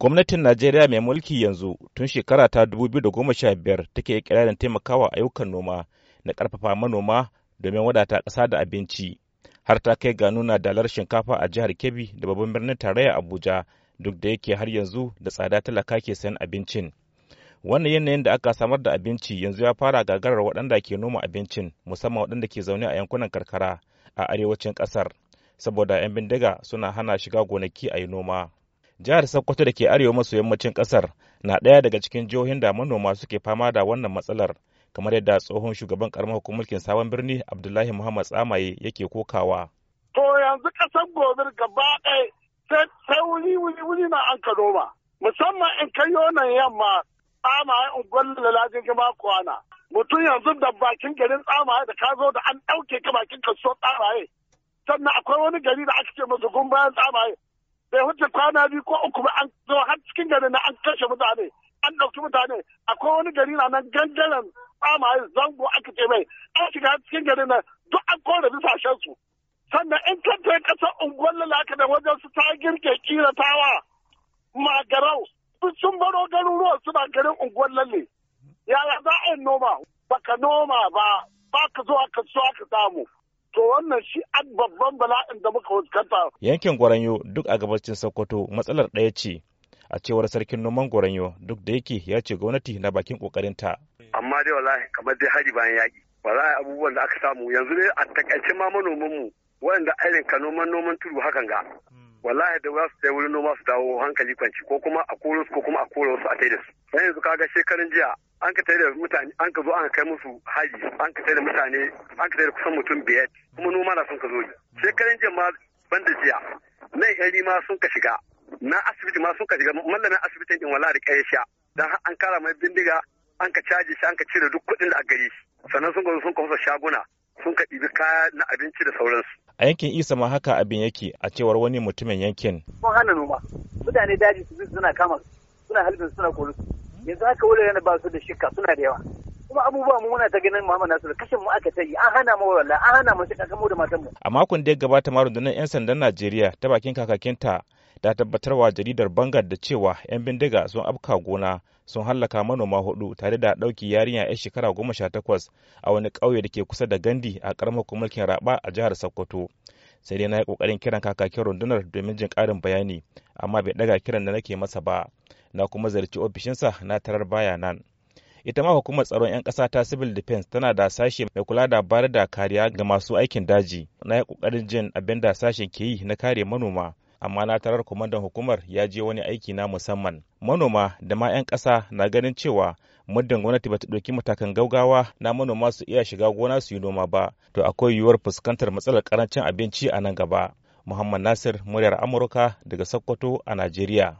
Gwamnatin Najeriya mai mulki yanzu tun shekara ta 2015 take ikirarin taimakawa ayyukan noma na ƙarfafa manoma domin wadata kasa da abinci. Har ta kai ga nuna dalar shinkafa a jihar Kebbi da babban birnin tarayya Abuja duk da yake har yanzu da tsada talaka ke sayan abincin. Wannan yanayin da aka samar da abinci yanzu ya fara gagarar waɗanda ke noma abincin musamman waɗanda ke zaune a yankunan karkara a arewacin ƙasar. saboda 'yan bindiga suna hana shiga gonaki a yi noma. jihar sokoto da ke arewa maso yammacin kasar na ɗaya daga cikin jihohin da manoma suke fama da wannan matsalar kamar yadda tsohon shugaban karamar hukumar sabon birni abdullahi muhammad tsamaye yake kokawa to yanzu kasar gobir gaba ɗaya sai wuni wuni wuni na an ka noma musamman in kai yonan yamma tsamaye in unguwar lalajin gaba kwana mutum yanzu da bakin garin tsamaye da ka zo da an ɗauke ka bakin kasuwar tsamaye sannan akwai wani gari da aka ce masa gumbayan tsamaye bai wuce kwana biyu ko uku ba an zo har cikin gari na an kashe mutane an ɗauki mutane akwai wani gari na nan gangaren tsamaye zango aka ce mai an shiga cikin gari na duk an kore bisashen su sannan in kanta kasar unguwar lalaka da wajen su ta girke kiratawa magarau sun baro garuruwa suna garin unguwar lalle yaya za a yi noma baka noma ba ba ka zo ka ka samu to wannan shi a babban bala'in da muka fuskanta. Yankin Gwaranyo duk a gabacin Sokoto matsalar ɗaya ce a cewar sarkin noman Gwaranyo duk da yake ya ce gwamnati na bakin ƙoƙarinta. Amma dai wallahi kamar dai hari bayan yaƙi. Wallahi abubuwan da aka samu yanzu ne a takaice ma manoman mu waɗanda irin ka noman noman tudu hakan ga wallahi da wasu su sai wurin noma su dawo hankali kwanci ko kuma a koro su ko kuma a koro su a tai da su sai yanzu kaga shekarun jiya an ka tai da mutane an ka zo an kai musu haji an ka tai da mutane an ka da kusan mutum biyar kuma noma na sun ka zo shekarun jiya ma ban da jiya na yari ma sun ka shiga na asibiti ma sun ka shiga mallamin asibitin din wallahi da kai sha dan an kara mai bindiga an ka caji shi an ka cire duk kuɗin da a gari sannan sun ka zo sun ka fasa shaguna sun ka ɗibi kaya na abinci da sauransu a yankin isa ma haka abin yake a cewar wani mutumin yankin kun hana noma mutane daji su suna kama suna halbin suna koro yanzu haka yana ba su da shikka suna da yawa kuma abubuwa mu muna ta ganin Muhammad Nasiru kashin mu aka tayi an hana mu wallah an hana mu shaka mu da matanmu. a makon da ya gabata ma rundunar yan sandan Najeriya ta bakin kakakinta da tabbatarwa jaridar Bangar da cewa yan bindiga sun afka gona sun hallaka manoma hudu tare da ɗauki yarinya 'yar shekara goma sha takwas a wani ƙauye da ke kusa da gandi a ƙaramar mulkin raba a jihar sokoto sai dai na yi ƙoƙarin kiran kakakin rundunar domin jin ƙarin bayani amma bai ɗaga kiran da nake masa ba na kuma zarci ofishinsa na tarar baya nan ita ma hukumar tsaron 'yan ƙasa ta civil defense tana da sashe mai kula da bayar da kariya ga masu aikin daji na yi ƙoƙarin jin abin da sashen ke yi na kare manoma amma na tarar kwamandan hukumar ya je wani aiki na musamman manoma da ma 'yan ƙasa na ganin cewa muddin gwamnati ba ta ɗauki matakan gaugawa na manoma su iya shiga gona su yi noma ba to akwai yiwuwar fuskantar matsalar karancin abinci a nan gaba muhammad nasir muryar amurka daga sokoto a najeriya